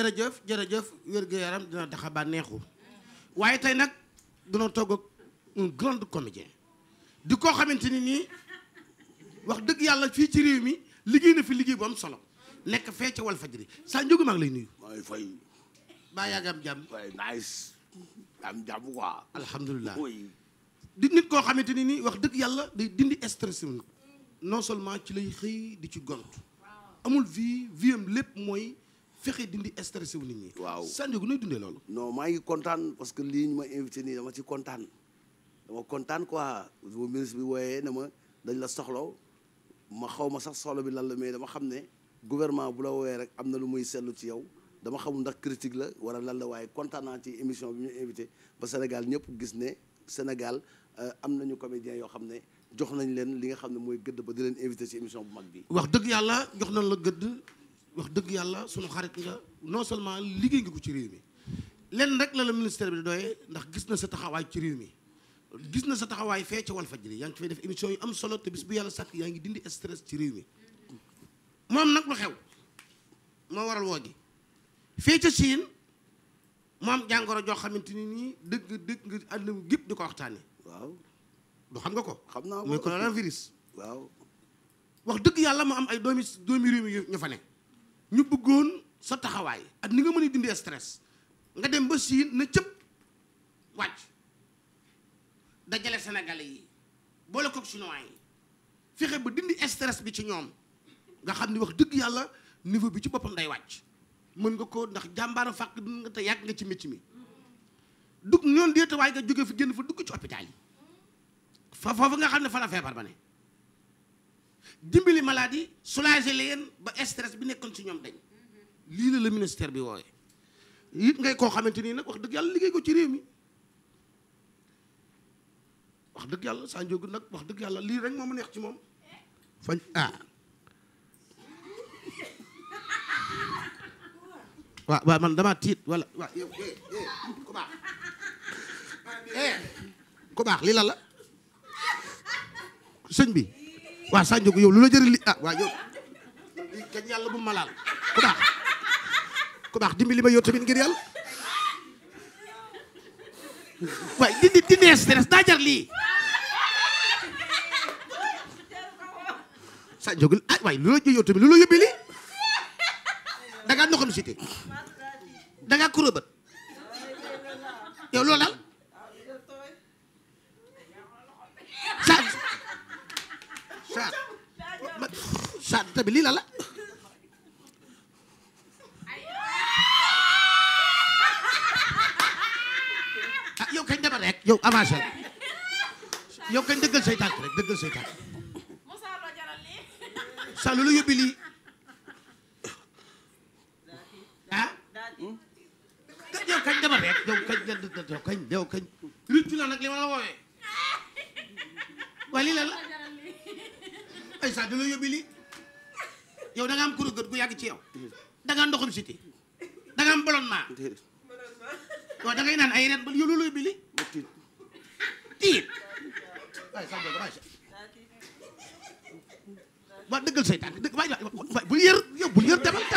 jërëjëf jërëjëf wér-gu-yaram dina tax a bànneexu waaye tey nag dina togg ak un grand di koo xamante ni nii wax dëgg yàlla fii ci réew mi liggéey na fi liggéey bu am solo nekk fee ca Walfadjri saa njógu maa ngi lay nuyu. waaye fay. baa yaa ngi am jàmm. waaye nice. alhamdulilah di nit koo xamante ni nii wax dëgg yàlla day dindi stress non seulement ci lay xëy di ci gont amul vie vie am lépp mooy fexe dindi stressé wu nit ñi. waaw Sandiogou nooy dundee loolu. non maa ngi kontaan parce que lii ñu ma invité nii dama ci kontaan. dama kontaan quoi bu ministre bi wooyee ne ma dañ la soxlaw ma xaw ma sax soxla bi lan la mais dama xam ne gouvernement bu la wooyee rek am na lu muy seetlu ci yow dama xamul ndax critique la wala lan la waaye kontaan ci émission bi ñu invité ba Sénégal ñëpp gis ne Sénégal euh, am nañu comédien yoo xam ne jox nañ leen li nga xam ne mooy gëdd ba di leen invité ci émission bu mag bi wax dëgg yàlla jox nañ la gëdd wax dëgg yàlla sunu xarit nga non seulement liggéey ci réew mi lenn rek la la ministère bi ndax gis na sa taxawaay ci réew mi gis na sa taxawaay fee ca Walfadjri yaa ngi fay def émission yu am solo te bis bu yàlla sàkk yaa ngi dindi stress ci réew mi moom nag lu xew moo waral woo gi fee ca Chine moom jàngoro joo xamante ni nii dëgg dëgg nga àdduna gépp di ko waxtaane waaw du xam nga ko xam naa mooy coronavirus waaw wax dëgg yàlla mu am ay doomi doomi réew mi ñu fa ne ñu bëggoon sa taxawaay at ni nga mën a dindi stress nga dem ba siin na cëpp dajale sénégalais yi boole koog chinois yi fexe ba dindi stress bi ci ñoom nga xam ni wax dëgg yàlla niveau bi ci boppam day wàcc mën nga ko ndax jàmbaaru fàq dund nga te yàgg nga ci mécc mi dugg ñoon déeta waaye nga jóge fi génn fa dugg ci hôpital yi fa foofu nga xam ne fa la feebar ba ne dimbali maladie soulager leen ba stress bi nekkoon ci ñoom dañ lii la le ministère bi wooye it ngay koo xamante nii nag wax dëgg yàlla liggéey ko ci réew mi wax dëgg yàlla saa nag wax dëgg lii rek moo neex ci moom fañ ah man dama tiit wala waaw eh, eh, ku baax eh, ku baax lii la sëñ bi waaw saa njóogu yow lu la jëriñ li ah waaw yow lii yàlla bu ma laal ku baax ku baax dimbali ma yow tamit ngir yàlla waaye dindi dindi stress daa jar lii sa jógul ah waaye lu la jëyoo tamit lu la yóbbi lii dangaa noxam sité dangaa kuróbat yow sa sa sa tamit lii yow avancé yow kañ dëggal say tànk rek dëggal say tànk sa lu la ah? yow kañ dama rek yow kañ yow kañ yow kañ luttu la ma la woowee waaye lii la sa du la yow da nga am kuru gët gu yàgg ci yow da nga siti da nga yow da ngay naan ay ren ba yow lu la tiit waaye sax doo waaye waaw dëggal say tànk dëgg waaye waaye bul yër yow bul yër demal